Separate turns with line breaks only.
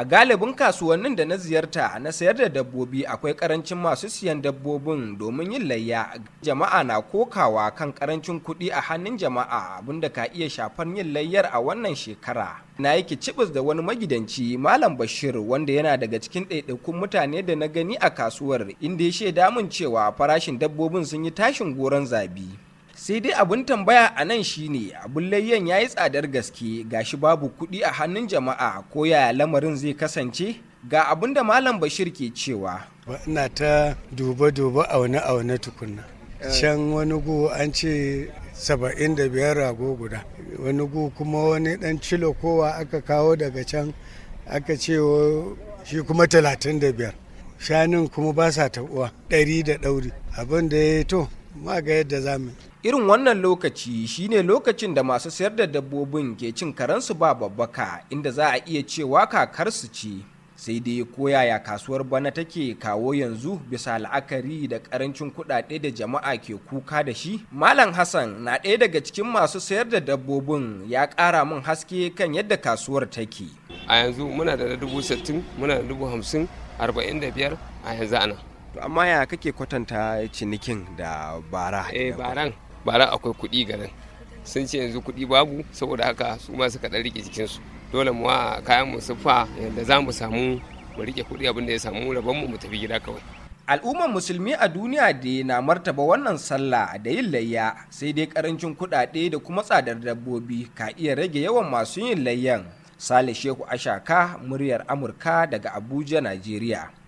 a galibin kasuwannin da na ziyarta na sayar da dabbobi akwai karancin masu siyan dabbobin domin yin layya jama'a na kokawa kan karancin kuɗi a hannun jama'a abinda ka iya shafar yin layyar a wannan shekara na yake kicibis da wani magidanci malam bashir wanda yana daga cikin ɗaiɗaikun mutane da na gani a kasuwar inda ya shaida min cewa farashin dabbobin sun yi tashin goron zabi sai dai abun tambaya a nan shine abun layyan ya yi tsadar gaske gashi babu kuɗi a hannun jama'a ko yaya lamarin zai kasance ga abun da malam bashir ke cewa
ina ta duba-duba aune-aune tukunna eh. can wani gu an ce saba'in da biyar rago guda wani gu kuma wani dan cilo kowa aka kawo daga can aka ce shi kuma talatin da biyar shanun kuma ba sa tabuwa ɗari da ɗauri abin da ya to ma ga yadda za mu
irin wannan lokaci shine lokacin da masu sayar da dabbobin ke cin karansu ba babbaka inda za a iya cewa kakarsu ce sai dai koyaya kasuwar bana take kawo yanzu bisa la'akari da karancin kudade da jama'a ke kuka da shi malam hassan na ɗaya daga cikin masu sayar
da dabbobin ya ƙara min haske kan yadda kasuwar take a yanzu muna da dubu sittin muna da dubu hamsin arba'in da biyar a yanzu anan to amma ya kake kwatanta cinikin da bara eh baran baran akwai kuɗi garin sun ce yanzu kuɗi babu saboda haka su ma suka ɗan rike jikinsu dole mu wa kayan mu sufa yadda za mu samu mu rike kuɗi abin da ya samu rabon mu mu tafi gida kawai al'ummar musulmi a
duniya da na martaba wannan sallah da yin layya sai dai karancin kuɗaɗe da kuma tsadar dabbobi ka iya rage yawan masu yin layyan sale shehu ashaka muryar amurka daga abuja najeriya